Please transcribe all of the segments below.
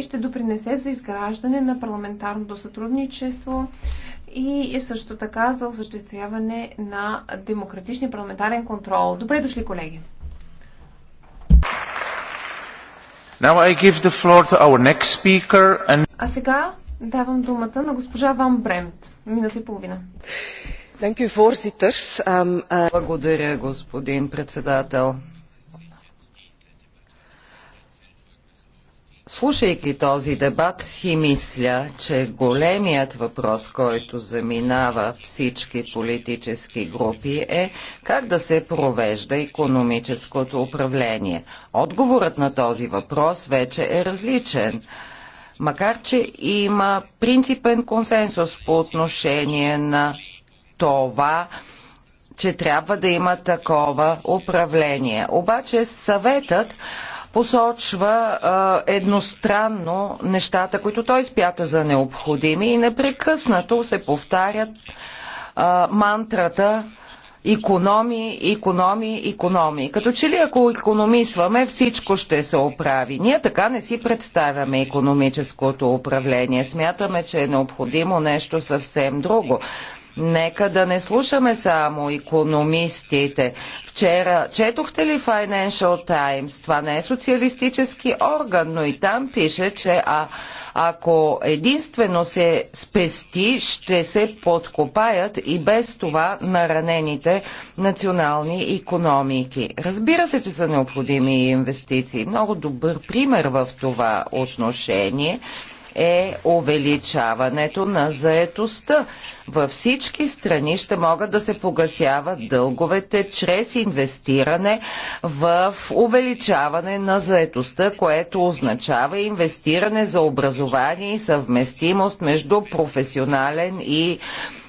и ще допринесе за изграждане на парламентарното сътрудничество и също така за осъществяване на демократичния парламентарен контрол. Добре дошли, колеги! Now I give the floor to our next speaker and... А сега давам думата на госпожа Ван Бремт. Минута и половина. Um, uh, Благодаря, господин председател. Слушайки този дебат си мисля, че големият въпрос, който заминава всички политически групи е как да се провежда економическото управление. Отговорът на този въпрос вече е различен. Макар, че има принципен консенсус по отношение на това, че трябва да има такова управление. Обаче съветът посочва а, едностранно нещата, които той спята за необходими и непрекъснато се повтарят а, мантрата економи, економи, економи. Като че ли ако економисваме, всичко ще се оправи. Ние така не си представяме економическото управление. Смятаме, че е необходимо нещо съвсем друго. Нека да не слушаме само економистите. Вчера четохте ли Financial Times? Това не е социалистически орган, но и там пише, че а, ако единствено се спести, ще се подкопаят и без това наранените национални економики. Разбира се, че са необходими инвестиции. Много добър пример в това отношение е увеличаването на заетостта. Във всички страни ще могат да се погасяват дълговете чрез инвестиране в увеличаване на заетостта, което означава инвестиране за образование и съвместимост между професионален и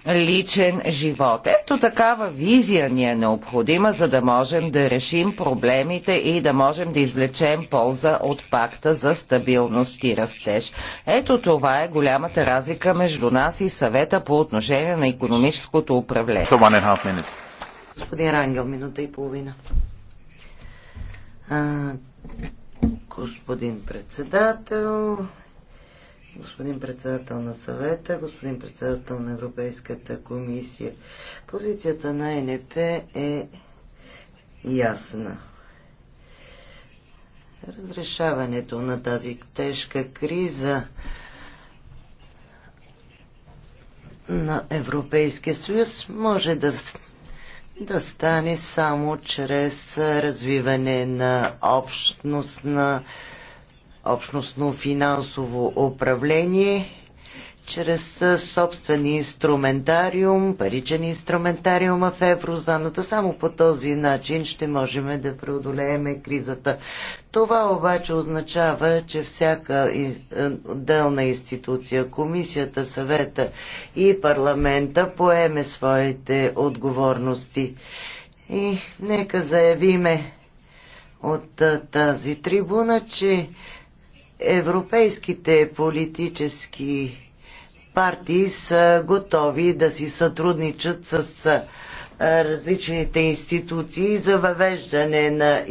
личен живот. Ето такава визия ни е необходима, за да можем да решим проблемите и да можем да извлечем полза от пакта за стабилност и растеж. Ето това е голямата разлика между нас и съвета по отношение на економическото управление. Господин Рангел, минута и половина. А, господин председател, господин председател на съвета, господин председател на Европейската комисия. Позицията на НП е ясна. Разрешаването на тази тежка криза на Европейския съюз може да, да стане само чрез развиване на общност на общностно финансово управление чрез собствен инструментариум, паричен инструментариум в еврозоната. Само по този начин ще можем да преодолеем кризата. Това обаче означава, че всяка е, отделна институция, комисията, съвета и парламента поеме своите отговорности. И нека заявиме от е, тази трибуна, че европейските политически партии са готови да си сътрудничат с различните институции за въвеждане на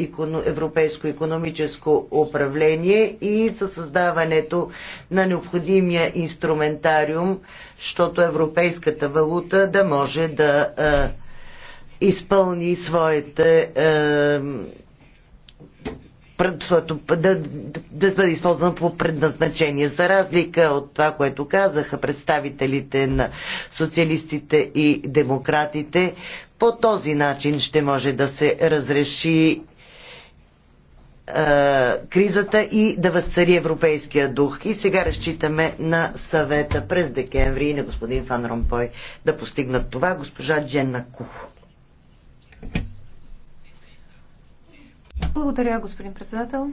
европейско економическо управление и за създаването на необходимия инструментариум, защото европейската валута да може да изпълни своите да, да бъде използвана по предназначение. За разлика от това, което казаха представителите на социалистите и демократите, по този начин ще може да се разреши кризата и да възцари европейския дух. И сега разчитаме на съвета през декември и на господин Фан Ромпой да постигнат това. Госпожа Дженна Кухо. Благодаря, господин председател.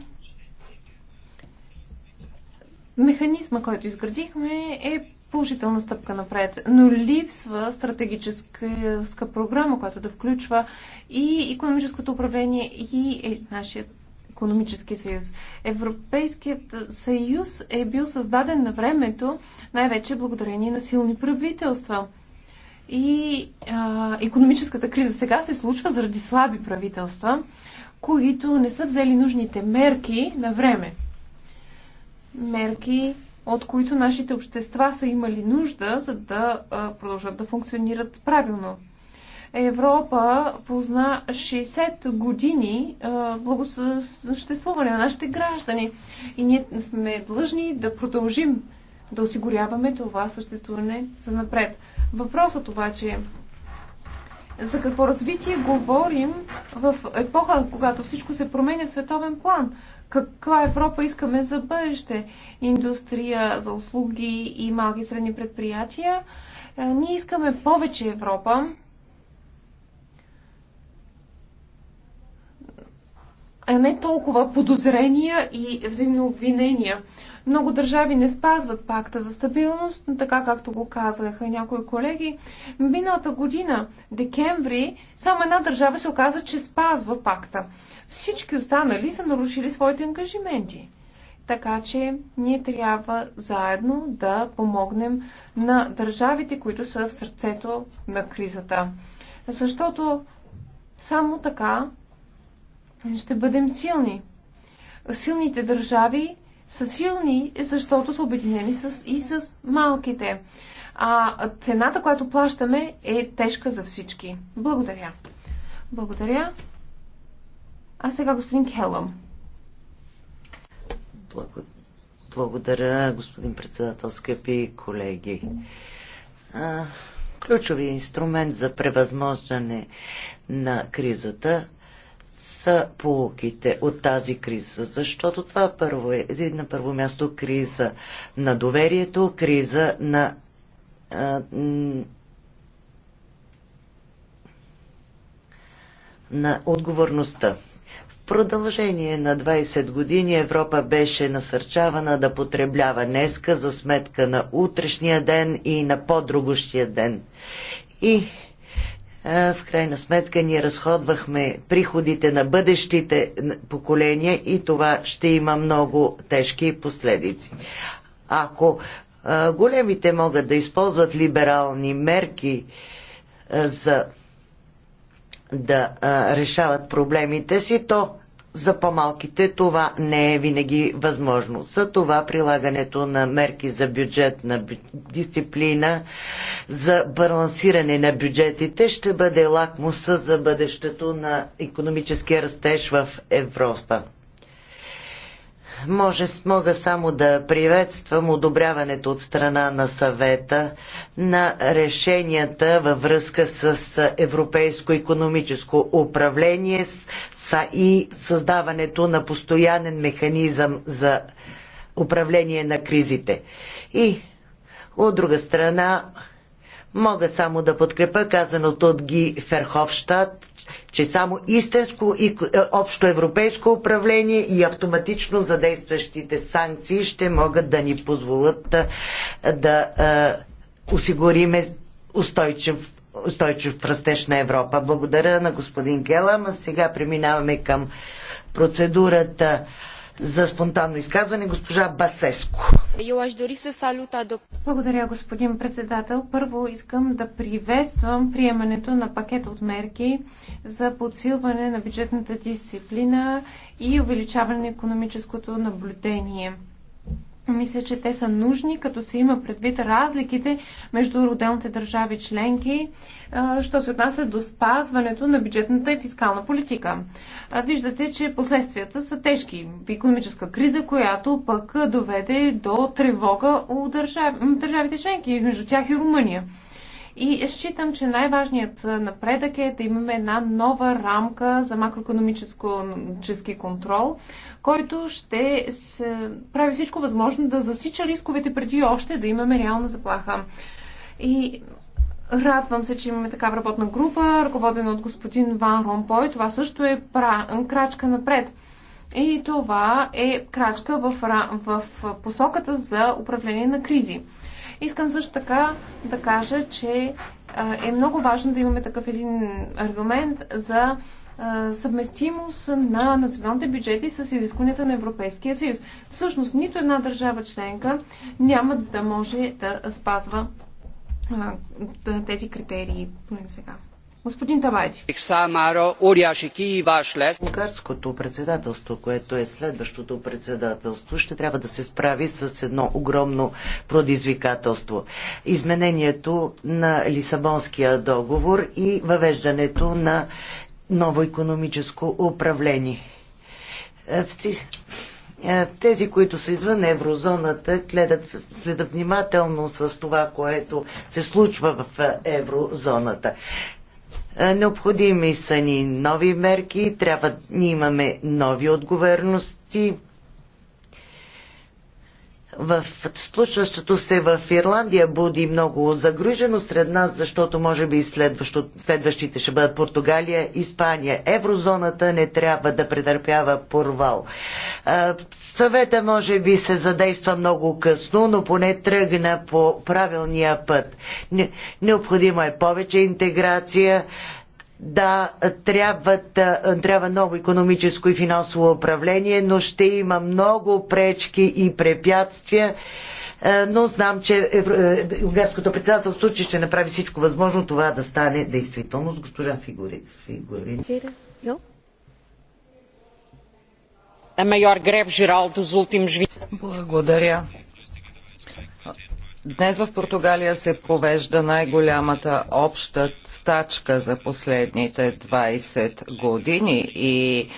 Механизма, който изградихме, е положителна стъпка напред, но липсва стратегическа програма, която да включва и економическото управление, и е, нашия економически съюз. Европейският съюз е бил създаден на времето, най-вече благодарение на силни правителства. И а, економическата криза сега се случва заради слаби правителства които не са взели нужните мерки на време. Мерки, от които нашите общества са имали нужда, за да продължат да функционират правилно. Европа позна 60 години благосъществуване на нашите граждани и ние сме длъжни да продължим да осигуряваме това съществуване за напред. Въпросът обаче е за какво развитие говорим в епоха, когато всичко се променя в световен план? Каква Европа искаме за бъдеще? Индустрия за услуги и малки и средни предприятия. Е, ние искаме повече Европа. А не толкова подозрения и взаимно обвинения. Много държави не спазват пакта за стабилност, но така както го казаха някои колеги. Миналата година, декември, само една държава се оказа, че спазва пакта. Всички останали са нарушили своите ангажименти. Така че ние трябва заедно да помогнем на държавите, които са в сърцето на кризата. Защото само така ще бъдем силни. Силните държави са силни, защото са обединени с, и с малките. А цената, която плащаме, е тежка за всички. Благодаря. Благодаря. А сега господин Келъм. Благодаря, господин председател, скъпи колеги. Ключови инструмент за превъзмождане на кризата са полуките от тази криза? Защото това първо е, е на първо място криза на доверието, криза на а, на отговорността. В продължение на 20 години Европа беше насърчавана да потреблява днеска за сметка на утрешния ден и на по-другощия ден. И е, в крайна сметка ние разходвахме приходите на бъдещите поколения и това ще има много тежки последици. Ако е, големите могат да използват либерални мерки е, за да решават проблемите си, то за по-малките това не е винаги възможно. За това прилагането на мерки за бюджетна дисциплина, за балансиране на бюджетите ще бъде лакмуса за бъдещето на економическия растеж в Европа може, мога само да приветствам одобряването от страна на съвета на решенията във връзка с европейско економическо управление и създаването на постоянен механизъм за управление на кризите. И от друга страна Мога само да подкрепя казаното от Ги Ферховщад, че само истинско и е, общо европейско управление и автоматично задействащите санкции ще могат да ни позволят е, да, е, осигуриме устойчив устойчив растеж на Европа. Благодаря на господин Гелам. сега преминаваме към процедурата за спонтанно изказване госпожа Басеско. Благодаря, господин председател. Първо искам да приветствам приемането на пакет от мерки за подсилване на бюджетната дисциплина и увеличаване на економическото наблюдение. Мисля, че те са нужни, като се има предвид разликите между отделните държави членки, що се отнася до спазването на бюджетната и фискална политика. Виждате, че последствията са тежки. Економическа криза, която пък доведе до тревога у държав... държавите членки, между тях и Румъния. И считам, че най-важният напредък е да имаме една нова рамка за макроекономически контрол, който ще прави всичко възможно да засича рисковете преди още да имаме реална заплаха. И Радвам се, че имаме такава работна група, ръководена от господин Ван Ромпой. Това също е пра... крачка напред. И това е крачка в, в посоката за управление на кризи. Искам също така да кажа, че е много важно да имаме такъв един аргумент за съвместимост на националните бюджети с изискванията на Европейския съюз. Всъщност, нито една държава членка няма да може да спазва тези критерии, поне сега. Господин Тамайди. Унгарското председателство, което е следващото председателство, ще трябва да се справи с едно огромно предизвикателство. Изменението на Лисабонския договор и въвеждането на ново економическо управление. Е, е, тези, които са извън еврозоната, гледат, следят внимателно с това, което се случва в е, еврозоната. Е, необходими са ни нови мерки, трябва ни имаме нови отговорности, в случващото се в Ирландия буди много загрижено сред нас, защото може би следващите ще бъдат Португалия, Испания. Еврозоната не трябва да претърпява порвал. Съвета може би се задейства много късно, но поне тръгна по правилния път. Необходима е повече интеграция, да, е, е, е, трябва ново економическо и финансово управление, но ще има много пречки и препятствия. Но знам, че Унгарското председателство ще направи всичко възможно това да стане действителност. Госпожа Фигури. Фигури. Благодаря. Днес в Португалия се провежда най-голямата обща стачка за последните 20 години и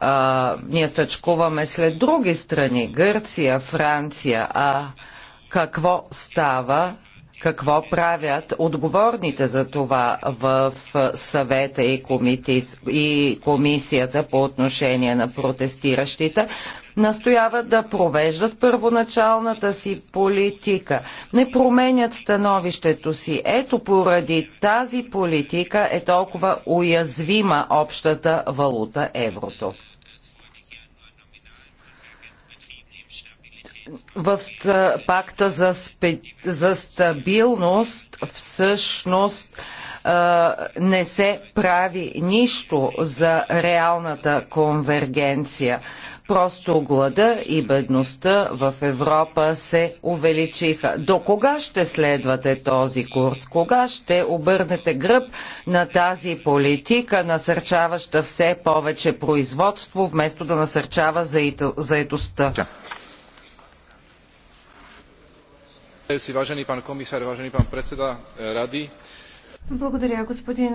а, ние стачкуваме след други страни Гърция, Франция. А какво става какво правят отговорните за това в съвета и, комитис, и комисията по отношение на протестиращите, настояват да провеждат първоначалната си политика. Не променят становището си. Ето поради тази политика е толкова уязвима общата валута еврото. в пакта за, спе, за стабилност всъщност не се прави нищо за реалната конвергенция. Просто глада и бедността в Европа се увеличиха. До кога ще следвате този курс? Кога ще обърнете гръб на тази политика, насърчаваща все повече производство, вместо да насърчава заетостта? Eh, Благодаря, господин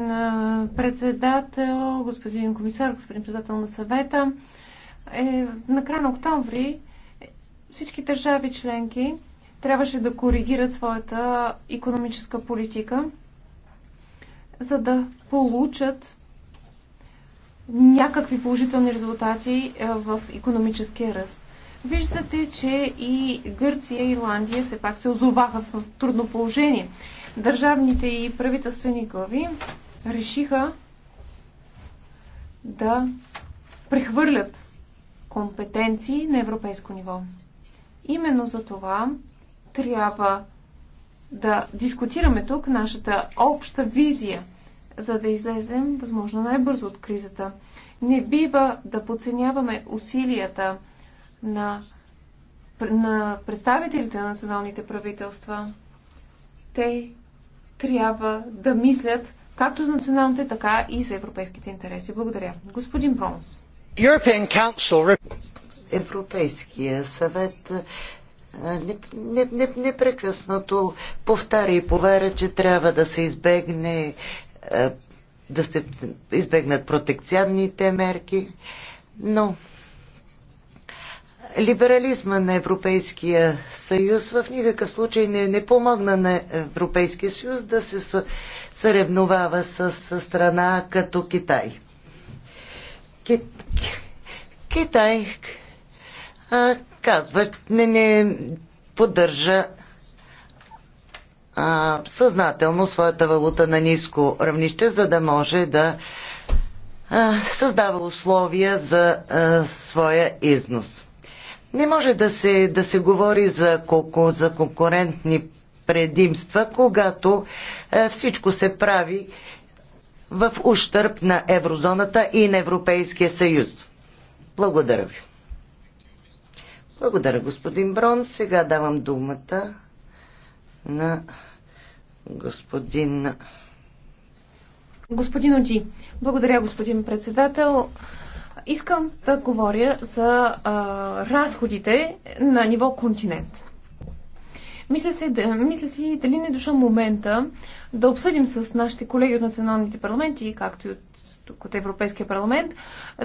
председател, господин комисар, господин председател на съвета. Е, на края на октомври всички държави членки трябваше да коригират своята економическа политика, за да получат някакви положителни резултати в економическия ръст. Виждате, че и Гърция и Ирландия все пак се озоваха в трудно положение. Държавните и правителствени глави решиха да прехвърлят компетенции на европейско ниво. Именно за това трябва да дискутираме тук нашата обща визия, за да излезем възможно най-бързо от кризата. Не бива да подценяваме усилията на, на представителите на националните правителства. Те трябва да мислят както за националните, така и за европейските интереси. Благодаря. Господин Бронс. Европейския съвет непрекъснато повтаря и поваря, че трябва да се избегне да се избегнат протекционните мерки, но либерализма на Европейския съюз в никакъв случай не, не помогна на Европейския съюз да се съревновава с, с страна като Китай. Кит, Китай а, казва, не, не поддържа а, съзнателно своята валута на ниско равнище, за да може да създава условия за а, своя износ. Не може да се, да се говори за, за конкурентни предимства, когато е, всичко се прави в ущърп на еврозоната и на Европейския съюз. Благодаря ви. Благодаря, господин Брон. Сега давам думата на господин... Господин Оди. Благодаря, господин председател. Искам да говоря за а, разходите на ниво континент. Мисля, си, да, мисля си дали не е дошъл момента да обсъдим с нашите колеги от националните парламенти, както и от, тук от Европейския парламент,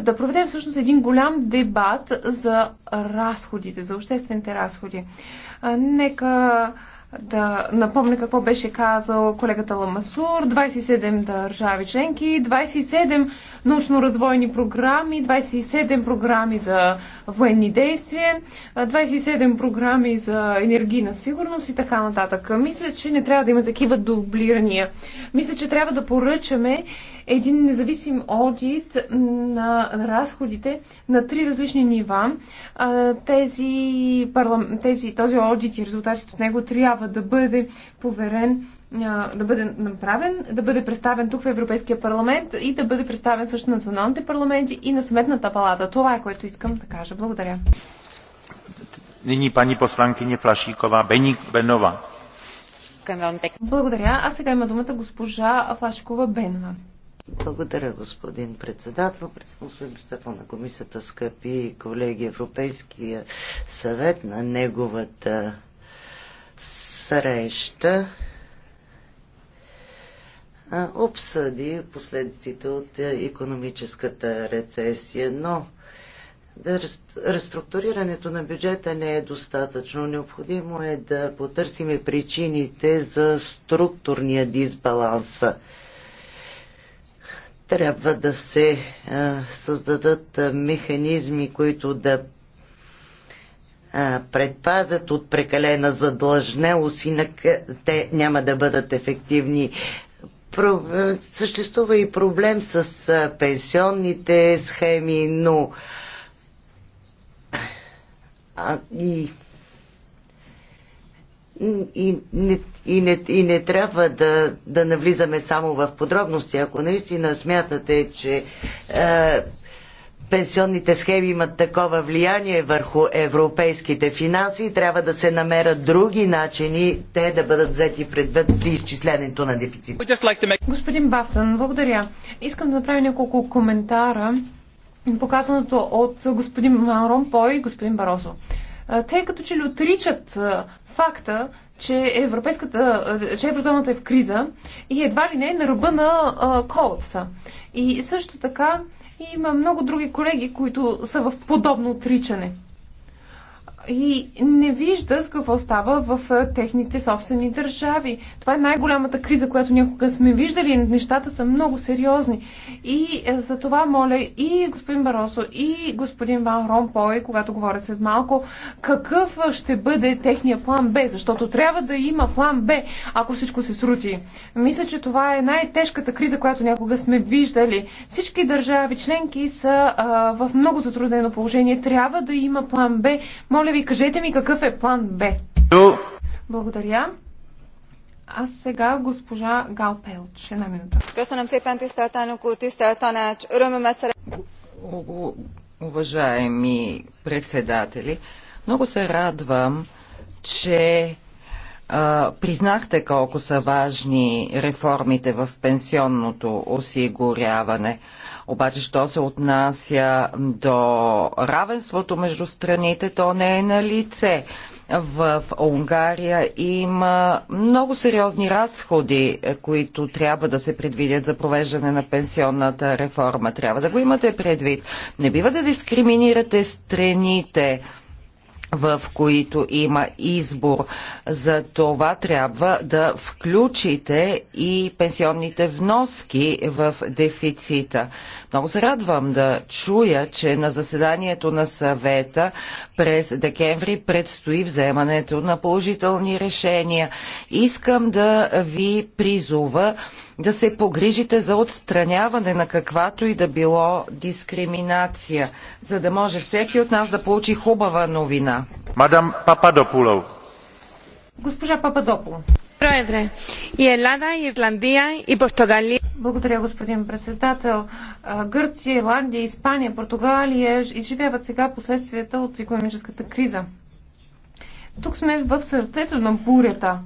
да проведем всъщност един голям дебат за разходите, за обществените разходи. А, нека да напомня какво беше казал колегата Ламасур. 27 държави членки, 27 научно-развойни програми, 27 програми за военни действия, 27 програми за енергийна сигурност и така нататък. Мисля, че не трябва да има такива дублирания. Мисля, че трябва да поръчаме един независим одит на разходите на три различни нива. Тези, тези, този одит и резултатите от него трябва да бъде поверен да бъде направен, да бъде представен тук в Европейския парламент и да бъде представен също на националните парламенти и на Сметната палата. Това е което искам да кажа. Благодаря. Nyní paní poslankyně Флашикова, Беник Бенова. Благодаря. А сега има думата госпожа Флашикова Бенова. Благодаря, господин председател. Господин председател на комисията, скъпи колеги, Европейския съвет на неговата среща обсъди последиците от економическата рецесия, но да реструктурирането на бюджета не е достатъчно. Необходимо е да потърсим причините за структурния дисбаланс. Трябва да се създадат механизми, които да предпазят от прекалена задлъжнелост, инак те няма да бъдат ефективни. Про... Съществува и проблем с пенсионните схеми, но а, и и не, и не, и не трябва да, да навлизаме само в подробности. Ако наистина смятате, че е, пенсионните схеми имат такова влияние върху европейските финанси, трябва да се намерят други начини те да бъдат взети предвид при изчислението на дефицит. Господин Бафтън, благодаря. Искам да направя няколко коментара показаното от господин Рон и господин Барозо. Те като че ли отричат е, факта, че, европейската, е, че еврозоната е в криза и едва ли не е на ръба на а, колапса. И също така има много други колеги, които са в подобно отричане и не виждат какво става в е, техните собствени държави. Това е най-голямата криза, която някога сме виждали. Нещата са много сериозни. И е, за това моля и господин Баросо, и господин Ван Ромпой, когато говорят след малко, какъв ще бъде техния план Б, защото трябва да има план Б, ако всичко се срути. Мисля, че това е най-тежката криза, която някога сме виждали. Всички държави членки са а, в много затруднено положение. Трябва да има план Б. Моля ви, кажете ми какъв е план Б. Благодаря. А сега госпожа Гал Пелч. Една минута. Уважаеми председатели, много се радвам, че а, признахте колко са важни реформите в пенсионното осигуряване. Обаче, що се отнася до равенството между страните, то не е на лице. В Унгария има много сериозни разходи, е, които трябва да се предвидят за провеждане на пенсионната реформа. Трябва да го имате предвид. Не бива да дискриминирате страните в които има избор. За това трябва да включите и пенсионните вноски в дефицита. Много се радвам да чуя, че на заседанието на съвета през декември предстои вземането на положителни решения. Искам да ви призова да се погрижите за отстраняване на каквато и да било дискриминация, за да може всеки от нас да получи хубава новина. Мадам Пападопулов. Госпожа Пападополо. Благодаря, господин председател. Гърция, Ирландия, Испания, Португалия изживяват сега последствията от економическата криза. Тук сме в сърцето на бурята.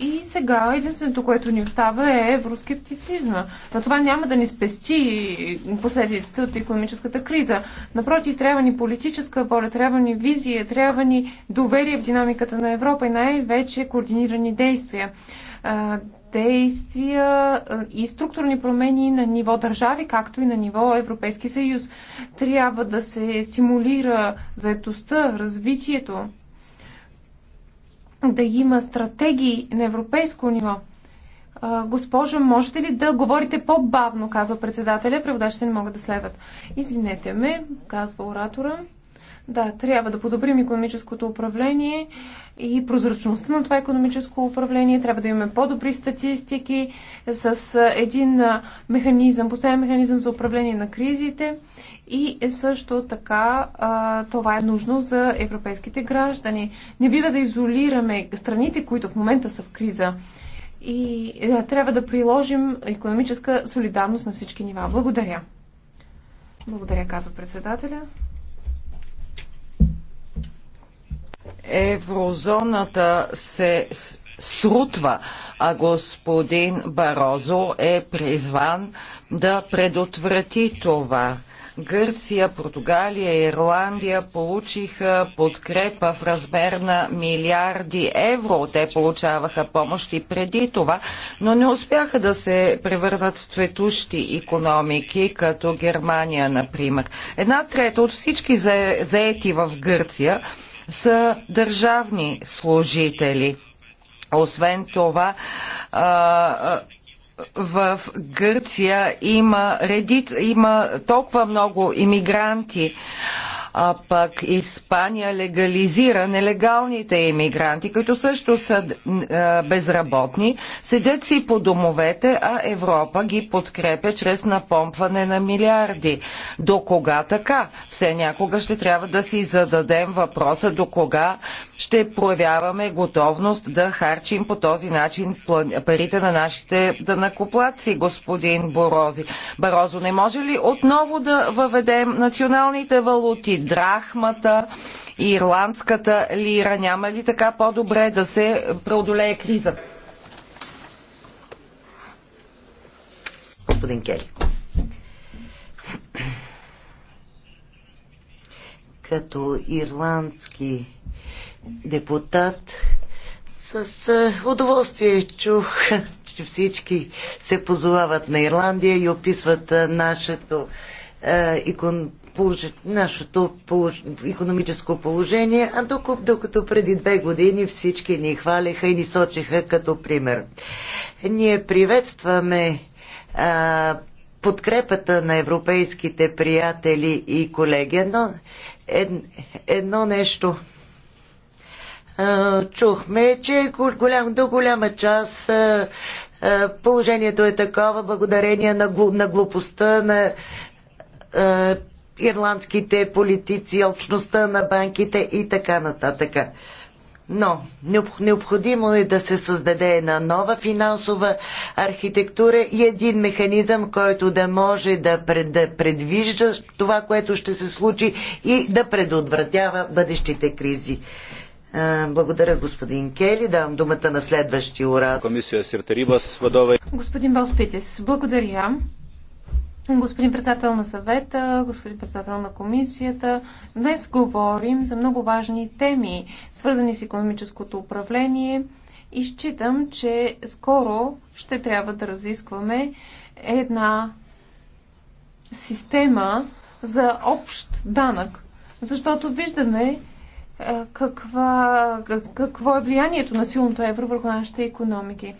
И сега единственото, което ни остава е евроскептицизма. Но това няма да ни спести последиците от економическата криза. Напротив, трябва ни политическа воля, трябва ни визия, трябва ни доверие в динамиката на Европа и най-вече координирани действия. Действия и структурни промени на ниво държави, както и на ниво Европейски съюз. Трябва да се стимулира заетостта, развитието, да има стратегии на европейско ниво. Госпожо, можете ли да говорите по-бавно, казва председателя, преводачите не могат да следват. Извинете ме, казва оратора. Да, трябва да подобрим економическото управление и прозрачността на това економическо управление. Трябва да имаме по-добри статистики с един механизъм, постоянен механизъм за управление на кризите и също така а, това е нужно за европейските граждани. Не бива да изолираме страните, които в момента са в криза. И а, е, трябва да приложим економическа солидарност на всички нива. Благодаря. Благодаря, казва председателя. Еврозоната се срутва, а господин Барозо е призван да предотврати това. Гърция, Португалия и Ирландия получиха подкрепа в размер на милиарди евро. Те получаваха помощи преди това, но не успяха да се превърнат в цветущи економики, като Германия, например. Една трета от всички заети в Гърция са държавни служители. Освен това, в Гърция има, редит, има толкова много иммигранти, а пък Испания легализира нелегалните иммигранти, които също са е, безработни, седят си по домовете, а Европа ги подкрепя чрез напомпване на милиарди. До кога така? Все някога ще трябва да си зададем въпроса до кога ще проявяваме готовност да харчим по този начин парите на нашите данакоплаци, господин Борози. Барозо, не може ли отново да въведем националните валути? драхмата и ирландската лира. Няма ли така по-добре да се преодолее кризата? Господин Кели. Като ирландски депутат с удоволствие чух, че всички се позовават на Ирландия и описват нашето нашето полож... економическо положение, а докато, докато преди две години всички ни хвалиха и ни сочиха като пример. Ние приветстваме а, подкрепата на европейските приятели и колеги. но ед, едно нещо а, чухме, че голям, до голяма част а, а, положението е такова благодарение на, глупостта на ирландските политици, общността на банките и така нататък. Но необходимо е да се създаде една нова финансова архитектура и един механизъм, който да може да, предвижда това, което ще се случи и да предотвратява бъдещите кризи. Благодаря, господин Кели. Давам думата на следващия урад. Комисия Сиртерибас, Господин Балспитис, благодаря. Господин председател на съвета, господин председател на комисията, днес говорим за много важни теми, свързани с економическото управление и считам, че скоро ще трябва да разискваме една система за общ данък, защото виждаме, е, каква, какво е влиянието на силното евро върху нашите економики.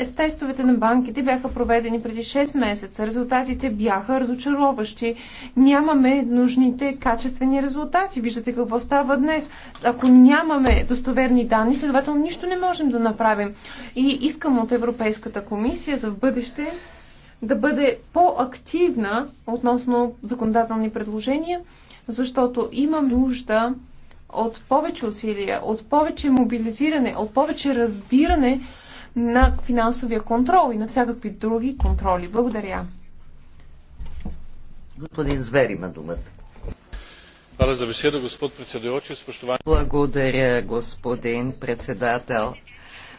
С тестовете на банките бяха проведени преди 6 месеца. Резултатите бяха разочароващи. Нямаме нужните качествени резултати. Виждате какво става днес. Ако нямаме достоверни данни, следователно нищо не можем да направим. И искам от Европейската комисия за в бъдеще да бъде по-активна относно законодателни предложения, защото има нужда от повече усилия, от повече мобилизиране, от повече разбиране на финансовия контрол и на всякакви други контроли. Благодаря. Господин Звери, има думата. Благодаря, господин председател.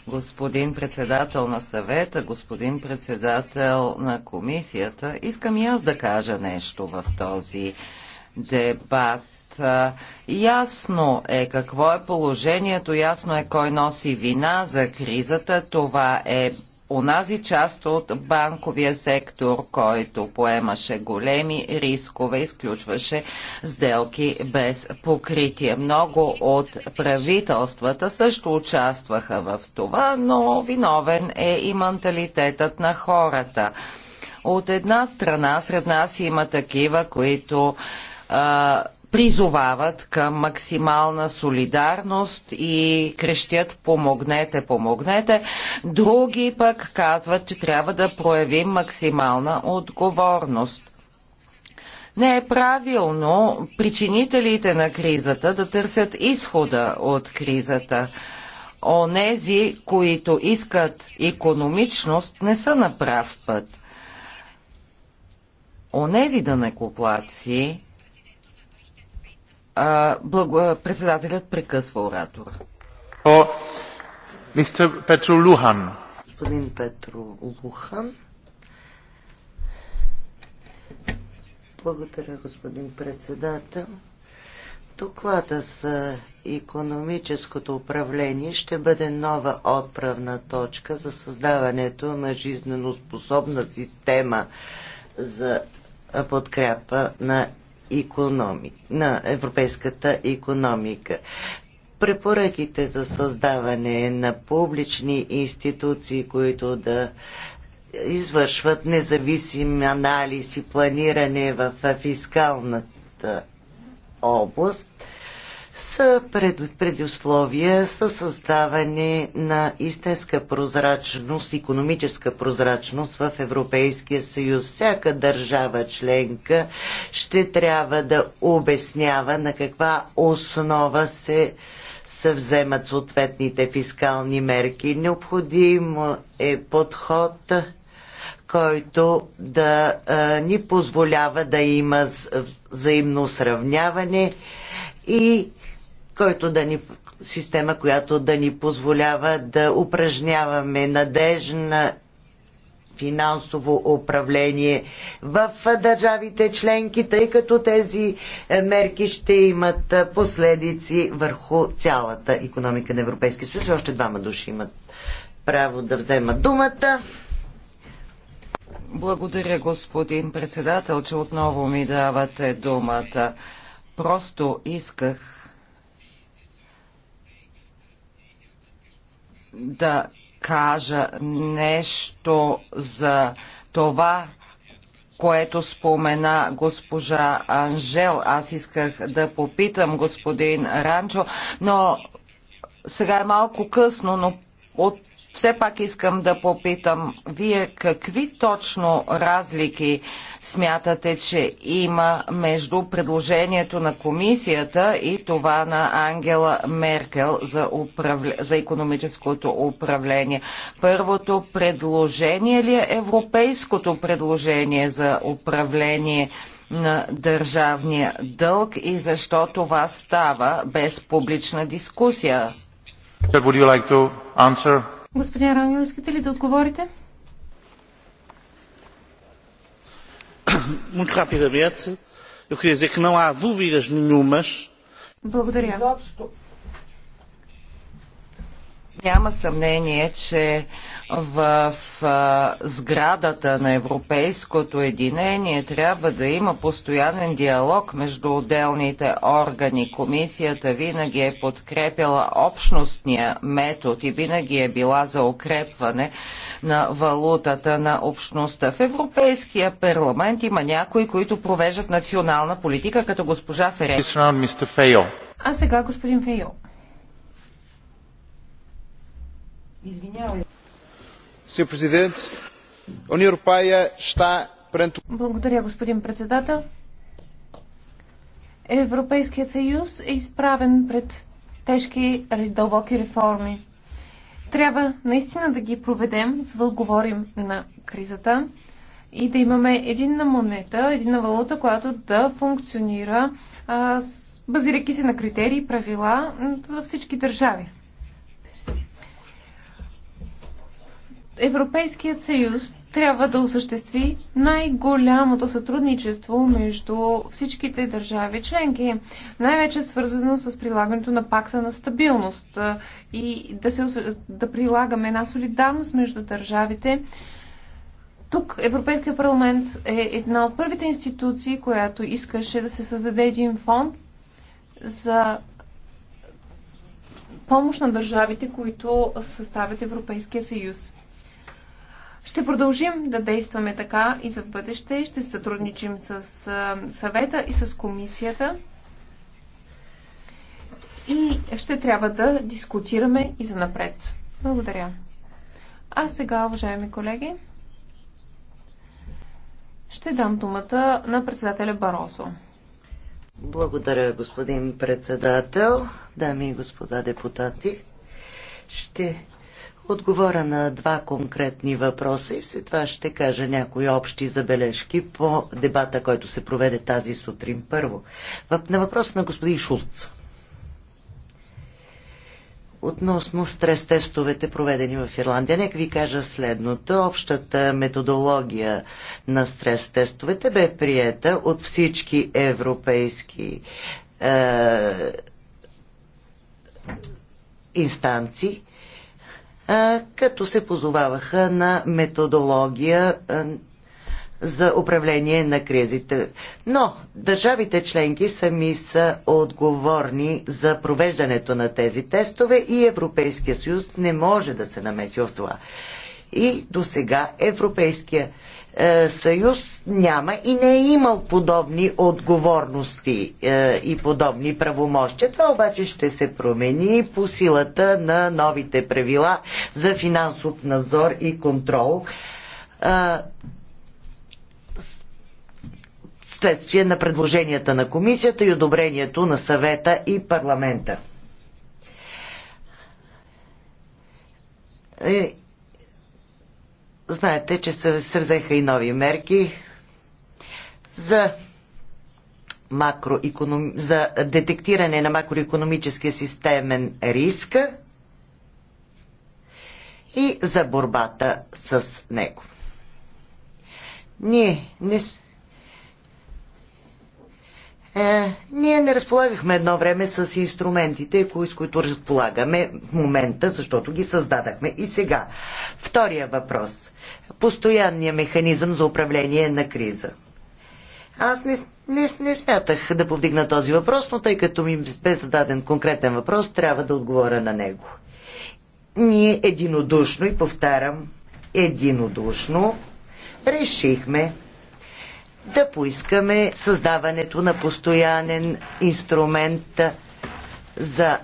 Господин председател на съвета, господин председател на комисията, искам и аз да кажа нещо в този дебат Ясно е какво е положението, ясно е кой носи вина за кризата. Това е онази част от банковия сектор, който поемаше големи рискове, изключваше сделки без покритие. Много от правителствата също участваха в това, но виновен е и менталитетът на хората. От една страна сред нас има такива, които а, призовават към максимална солидарност и крещят помогнете, помогнете. Други пък казват, че трябва да проявим максимална отговорност. Не е правилно причинителите на кризата да търсят изхода от кризата. Онези, които искат економичност, не са на прав път. Онези данекоплаци, а, благо, председателят прекъсва оратора. О, мистер Петро Лухан. Господин Петро Лухан. Благодаря, господин председател. Доклада за економическото управление ще бъде нова отправна точка за създаването на жизненоспособна система за подкрепа на на европейската економика. Препоръките за създаване на публични институции, които да извършват независим анализ и планиране в фискалната област – са пред, предусловия за създаване на истинска прозрачност, економическа прозрачност в Европейския съюз. Всяка държава членка ще трябва да обяснява на каква основа се се вземат съответните фискални мерки. Необходим е подход, който да а, ни позволява да има взаимно сравняване и който да ни система, която да ни позволява да упражняваме надежна финансово управление в държавите членки, тъй като тези е, мерки ще имат е, последици върху цялата економика на Европейския съюз. Още двама души имат право да вземат думата. Благодаря, господин председател, че отново ми давате думата. Просто исках да кажа нещо за това, което спомена госпожа Анжел. Аз исках да попитам господин Ранчо, но сега е малко късно, но от все пак искам да попитам, вие какви точно разлики смятате, че има между предложението на комисията и това на Ангела Меркел за, управля... за економическото управление? Първото предложение ли е европейското предложение за управление? на държавния дълг и защо това става без публична дискусия. Would you like to answer? Господин Рангел, искате ли да отговорите? Muito rapidamente, eu queria dizer que não há dúvidas nenhumas. Благодаря. Няма съмнение, че в сградата на европейското единение трябва да има постоянен диалог между отделните органи. Комисията винаги е подкрепила общностния метод и винаги е била за укрепване на валутата на общността. В Европейския парламент има някои, които провеждат национална политика, като госпожа Ферен. А сега господин Фейо. Извинявай. Сеньор президент, está пред... Благодаря, господин председател. Европейският съюз е изправен пред тежки дълбоки реформи. Трябва наистина да ги проведем, за да отговорим на кризата и да имаме единна монета, единна валута, която да функционира, базирайки се на критерии и правила във всички държави. Европейският съюз трябва да осъществи най-голямото сътрудничество между всичките държави членки, най-вече свързано с прилагането на пакта на стабилност и да, се, да прилагаме една солидарност между държавите. Тук Европейския парламент е една от първите институции, която искаше да се създаде един фонд за помощ на държавите, които съставят Европейския съюз. Ще продължим да действаме така и за бъдеще. Ще сътрудничим с съвета и с комисията. И ще трябва да дискутираме и за напред. Благодаря. А сега, уважаеми колеги, ще дам думата на председателя Баросо. Благодаря, господин председател, дами и господа депутати. Ще отговоря на два конкретни въпроса и след това ще кажа някои общи забележки по дебата, който се проведе тази сутрин. Първо, на въпрос на господин Шулц. Относно стрес-тестовете, проведени в Ирландия, нека ви кажа следното. Общата методология на стрес-тестовете бе приета от всички европейски е, инстанции като се позоваваха на методология за управление на кризите. Но държавите членки сами са отговорни за провеждането на тези тестове и Европейския съюз не може да се намеси в това. И до сега Европейския е, съюз няма и не е имал подобни отговорности е, и подобни правомощия. Това обаче ще се промени по силата на новите правила за финансов надзор и контрол е, следствие на предложенията на комисията и одобрението на съвета и парламента. Знаете, че се, се взеха и нови мерки за за детектиране на макроекономическия системен риск и за борбата с него. Ние не сме е, ние не разполагахме едно време с инструментите, кои, с които разполагаме в момента, защото ги създадахме и сега. Втория въпрос. Постоянният механизъм за управление на криза. Аз не, не, не смятах да повдигна този въпрос, но тъй като ми бе зададен конкретен въпрос, трябва да отговоря на него. Ние единодушно, и повтарям, единодушно решихме да поискаме създаването на постоянен инструмент за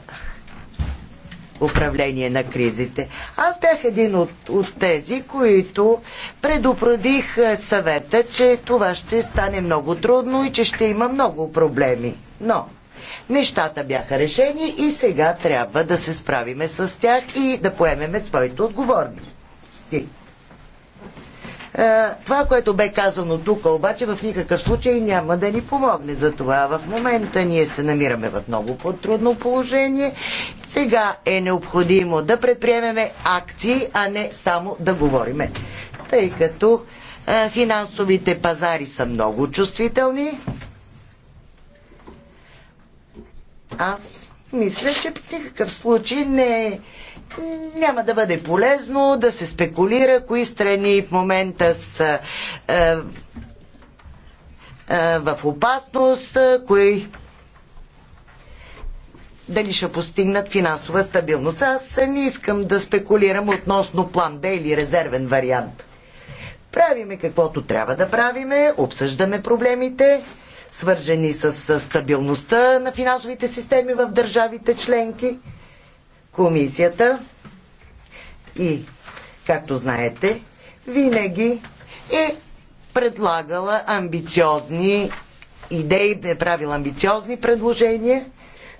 управление на кризите. Аз бях един от, от тези, които предупредих е, съвета, че това ще стане много трудно и че ще има много проблеми. Но нещата бяха решени и сега трябва да се справиме с тях и да поемеме своите отговорности. Е, това, което бе казано тук, обаче в никакъв случай няма да ни помогне за това. В момента ние се намираме в много по-трудно положение. Сега е необходимо да предприемеме акции, а не само да говориме. Тъй като е, финансовите пазари са много чувствителни. Аз мисля, че в никакъв случай не е няма да бъде полезно да се спекулира кои страни в момента са е, е, в опасност, е, кои дали ще постигнат финансова стабилност. Аз не искам да спекулирам относно план Б или резервен вариант. Правиме каквото трябва да правиме, обсъждаме проблемите, свържени с стабилността на финансовите системи в държавите членки – комисията и, както знаете, винаги е предлагала амбициозни идеи, е правила амбициозни предложения,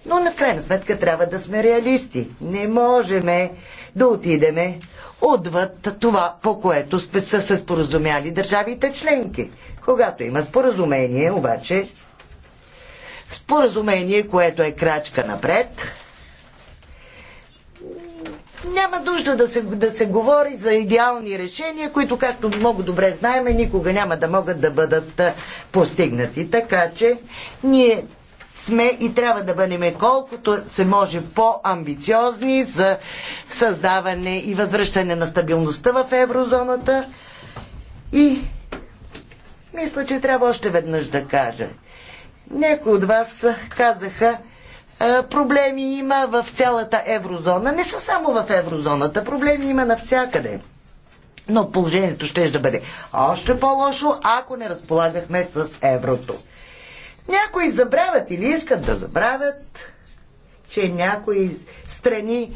но на крайна сметка трябва да сме реалисти. Не можеме да отидеме отвъд това, по което са се споразумяли държавите членки. Когато има споразумение, обаче, споразумение, което е крачка напред, няма нужда да се, да се говори за идеални решения, които, както много добре знаеме, никога няма да могат да бъдат постигнати. Така че ние сме и трябва да бъдем колкото се може по-амбициозни за създаване и възвръщане на стабилността в еврозоната. И мисля, че трябва още веднъж да кажа. Някои от вас казаха, е, проблеми има в цялата еврозона. Не са само в еврозоната, проблеми има навсякъде. Но положението ще е да бъде още по-лошо, ако не разполагахме с еврото. Някои забравят или искат да забравят, че някои страни,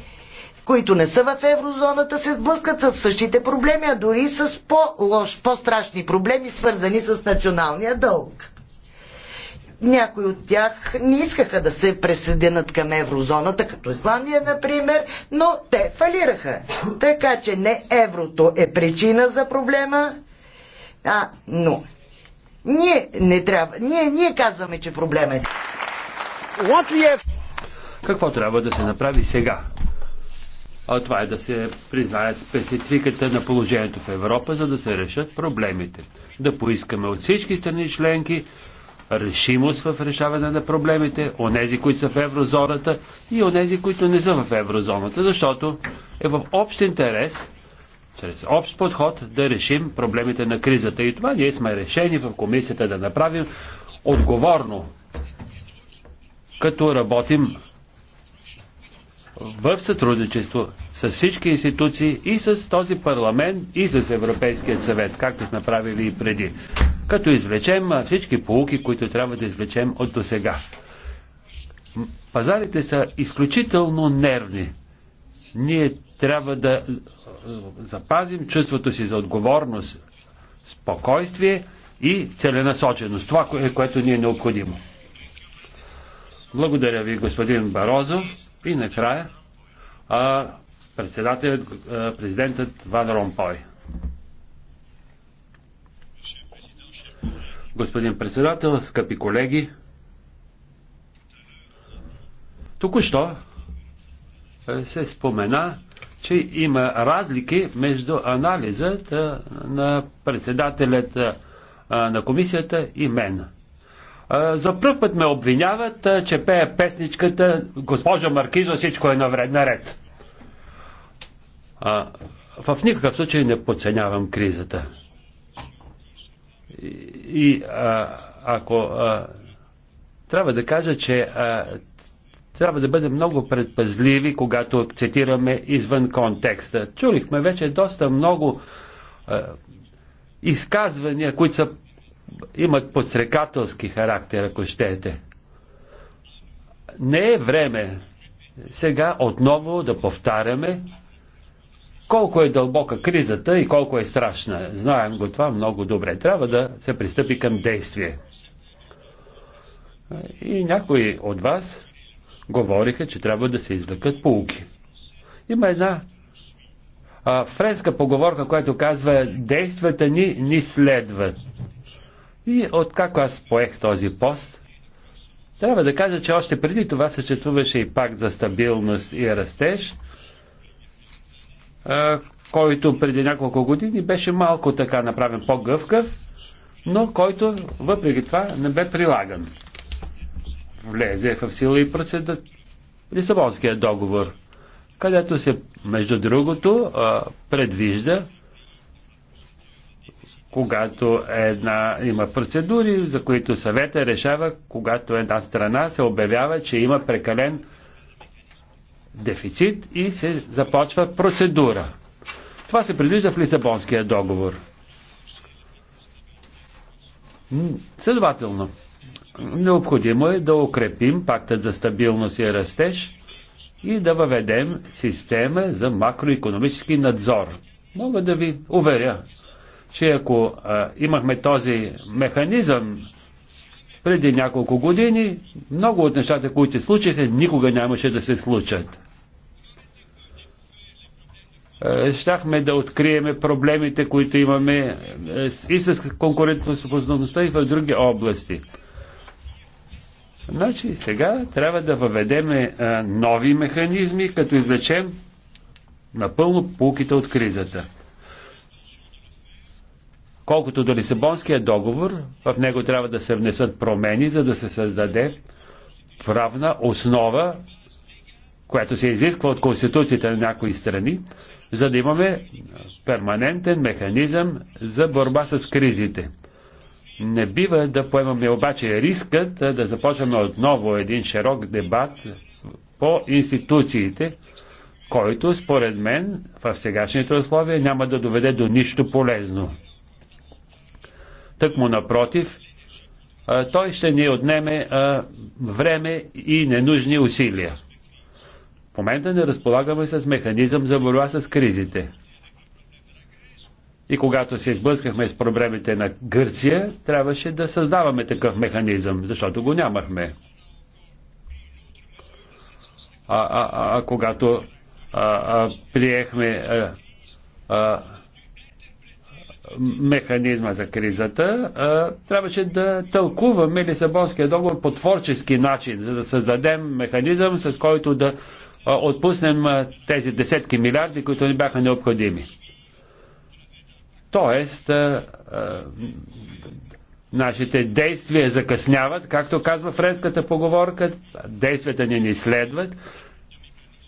които не са в еврозоната, се сблъскат с същите проблеми, а дори с по-лош, по-страшни проблеми, свързани с националния дълг някои от тях не искаха да се присъединят към еврозоната, като Исландия, например, но те фалираха. Така че не еврото е причина за проблема, а, но ние не трябва. Ние, ние казваме, че проблема е. Какво трябва да се направи сега? А това е да се признаят спецификата на положението в Европа, за да се решат проблемите. Да поискаме от всички страни членки решимост в решаване на проблемите, онези, които са в еврозоната и онези, които не са в еврозоната, защото е в общ интерес, чрез общ подход, да решим проблемите на кризата. И това ние сме решени в комисията да направим отговорно, като работим в сътрудничество с всички институции и с този парламент и с Европейският съвет, както сме правили и преди. Като извлечем всички полуки, които трябва да извлечем от до сега. Пазарите са изключително нервни. Ние трябва да запазим чувството си за отговорност, спокойствие и целенасоченост. Това е което ни е необходимо. Благодаря ви, господин Барозо. И накрая а, председателят, а, президентът Ван Ромпой. Господин председател, скъпи колеги, току-що се спомена, че има разлики между анализът на председателят на комисията и мен. За пръв път ме обвиняват, че пея песничката Госпожа Маркизо, всичко е наред. А, в никакъв случай не подценявам кризата. И, и а, ако а, трябва да кажа, че а, трябва да бъдем много предпазливи, когато цитираме извън контекста. Чулихме вече доста много а, изказвания, които са имат подсрекателски характер, ако щете. Не е време сега отново да повтаряме колко е дълбока кризата и колко е страшна. Знаем го това много добре. Трябва да се пристъпи към действие. И някои от вас говориха, че трябва да се извлекат полуки. Има една а, френска поговорка, която казва действата ни ни следват. И откако аз поех този пост, трябва да кажа, че още преди това съществуваше и пакт за стабилност и растеж, който преди няколко години беше малко така направен по-гъвкав, но който въпреки това не бе прилаган. Влезе в сила и процеда Лисабонския договор, където се, между другото, предвижда когато една, има процедури, за които съвета решава, когато една страна се обявява, че има прекален дефицит и се започва процедура. Това се предвижда в Лисабонския договор. Следователно, необходимо е да укрепим пакта за стабилност и растеж и да въведем система за макроекономически надзор. Мога да ви уверя, че ако а, имахме този механизъм преди няколко години, много от нещата, които се случиха, никога нямаше да се случат. Щяхме да откриеме проблемите, които имаме и с конкурентоспособността и в други области. Значи сега трябва да въведеме нови механизми, като извлечем напълно пулките от кризата. Колкото до Лисабонския договор, в него трябва да се внесат промени, за да се създаде правна основа, която се изисква от конституцията на някои страни, за да имаме перманентен механизъм за борба с кризите. Не бива да поемаме обаче рискът да започваме отново един широк дебат по институциите, който според мен в сегашните условия няма да доведе до нищо полезно. Тъкмо напротив, той ще ни отнеме време и ненужни усилия. В момента не разполагаме с механизъм за борба с кризите. И когато се сблъскахме с проблемите на Гърция, трябваше да създаваме такъв механизъм, защото го нямахме. А, а, а, а когато а, а, приехме а, а, механизма за кризата, а, трябваше да тълкуваме Лисабонския договор по творчески начин, за да създадем механизъм, с който да а, отпуснем а, тези десетки милиарди, които ни бяха необходими. Тоест, а, а, нашите действия закъсняват, както казва френската поговорка, действията ни ни следват.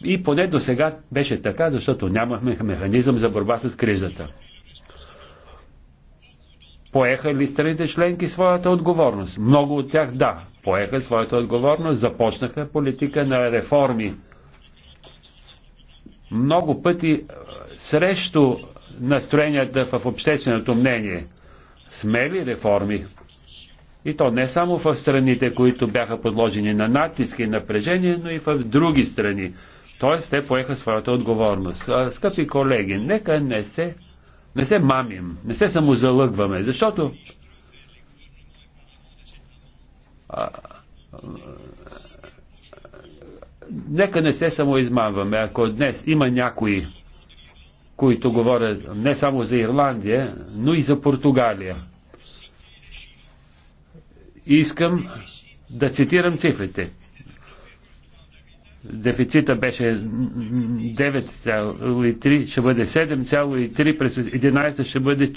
И поне до сега беше така, защото нямахме механизъм за борба с кризата. Поеха ли страните членки своята отговорност? Много от тях да, поеха своята отговорност, започнаха политика на реформи. Много пъти е, срещу настроенията в общественото мнение. Смели реформи. И то не само в страните, които бяха подложени на натиск и напрежение, но и в други страни. Тоест, те поеха своята отговорност. Скъпи колеги, нека не се не се мамим, не се самозалъгваме, защото а, а, нека не се самоизмамваме. Ако днес има някои, които говорят не само за Ирландия, но и за Португалия, искам да цитирам цифрите дефицита беше 9,3, ще бъде 7,3, през 11 ще бъде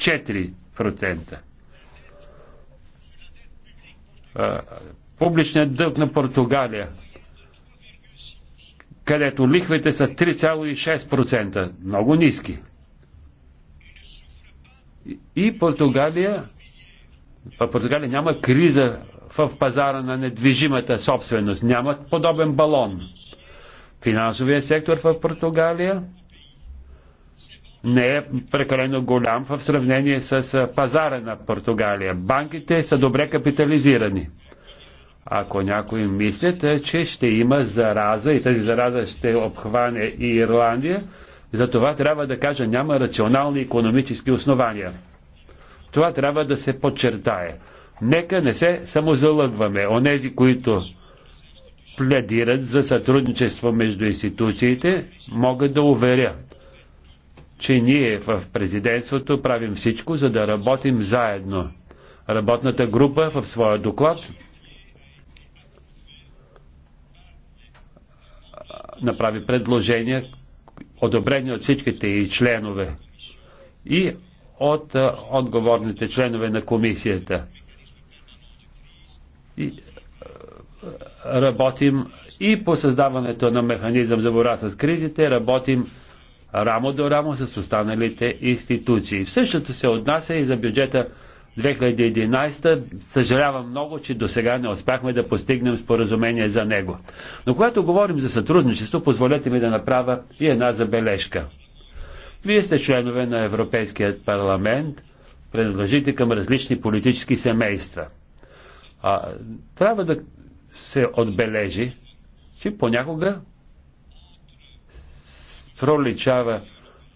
4%. Публичният дълг на Португалия, където лихвите са 3,6%, много ниски. И Португалия, а Португалия няма криза в пазара на недвижимата собственост. Нямат подобен балон. Финансовия сектор в Португалия не е прекалено голям в сравнение с пазара на Португалия. Банките са добре капитализирани. Ако някои мислят, че ще има зараза и тази зараза ще обхване и Ирландия, за това трябва да кажа няма рационални економически основания. Това трябва да се подчертае. Нека не се самозалъгваме. Онези, които пледират за сътрудничество между институциите, могат да уверя, че ние в президентството правим всичко, за да работим заедно. Работната група в своя доклад направи предложения, одобрени от всичките и членове и от отговорните членове на комисията и, е, работим и по създаването на механизъм за борба с кризите, работим рамо до рамо с останалите институции. В същото се отнася и за бюджета 2011. Съжалявам много, че до сега не успяхме да постигнем споразумение за него. Но когато говорим за сътрудничество, позволете ми да направя и една забележка. Вие сте членове на Европейският парламент, принадлежите към различни политически семейства – а, трябва да се отбележи, че понякога проличава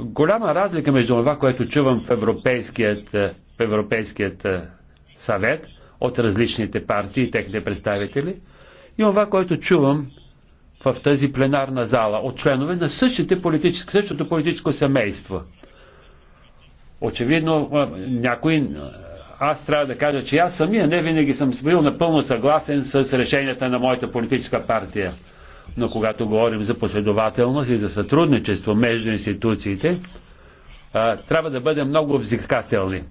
голяма разлика между това, което чувам в Европейският, е, в Европейският е, съвет от различните партии и техните представители и това, което чувам в тази пленарна зала от членове на същите политически, същото политическо семейство. Очевидно, е, някои аз трябва да кажа, че аз самия не винаги съм бил напълно съгласен с решенията на моята политическа партия. Но когато говорим за последователност и за сътрудничество между институциите, а, трябва да бъдем много взискателни.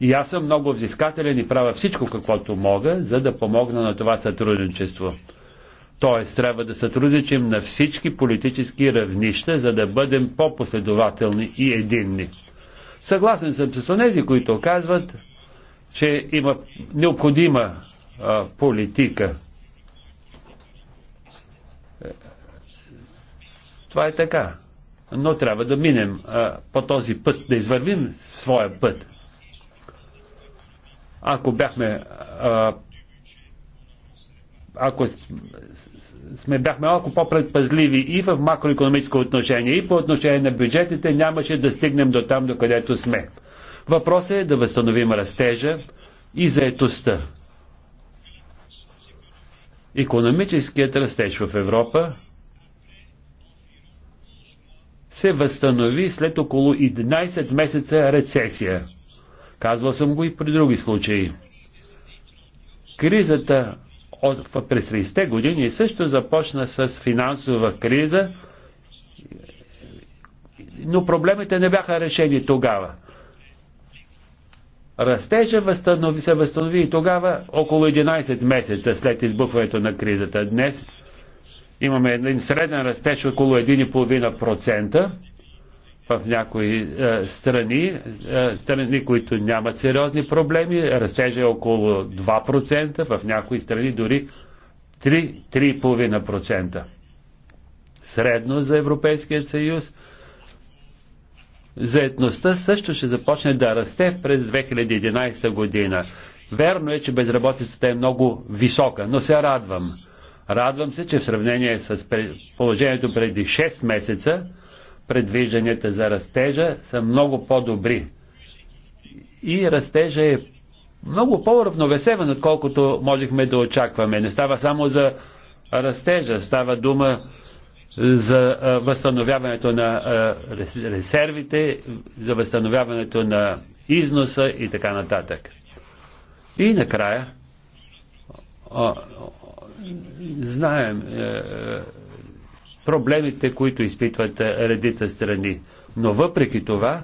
И аз съм много взискателен и правя всичко каквото мога, за да помогна на това сътрудничество. Тоест, трябва да сътрудничим на всички политически равнища, за да бъдем по-последователни и единни. Съгласен съм с онези, които казват, че има необходима а, политика. Това е така. Но трябва да минем а, по този път, да извървим своя път. Ако бяхме. А, ако сме бяхме малко по-предпазливи и в макроекономическо отношение, и по отношение на бюджетите, нямаше да стигнем до там, до където сме. Въпросът е да възстановим растежа и заетостта. Економическият растеж в Европа се възстанови след около 11 месеца рецесия. Казвал съм го и при други случаи. Кризата от, през 30-те години също започна с финансова криза, но проблемите не бяха решени тогава. Растежа възстанови, се възстанови и тогава около 11 месеца след избухването на кризата. Днес имаме един среден растеж около 1,5% в някои е, страни, е, страни, които нямат сериозни проблеми, растежа е около 2%, в някои страни дори 3-3,5%. Средно за Европейския съюз Заедността също ще започне да расте през 2011 година. Верно е, че безработицата е много висока, но се радвам. Радвам се, че в сравнение с положението преди 6 месеца, предвижданията за растежа са много по-добри. И растежа е много по-равновесеван, отколкото можехме да очакваме. Не става само за растежа, става дума за възстановяването на резервите, за възстановяването на износа и така нататък. И накрая, знаем проблемите, които изпитват редица страни, но въпреки това,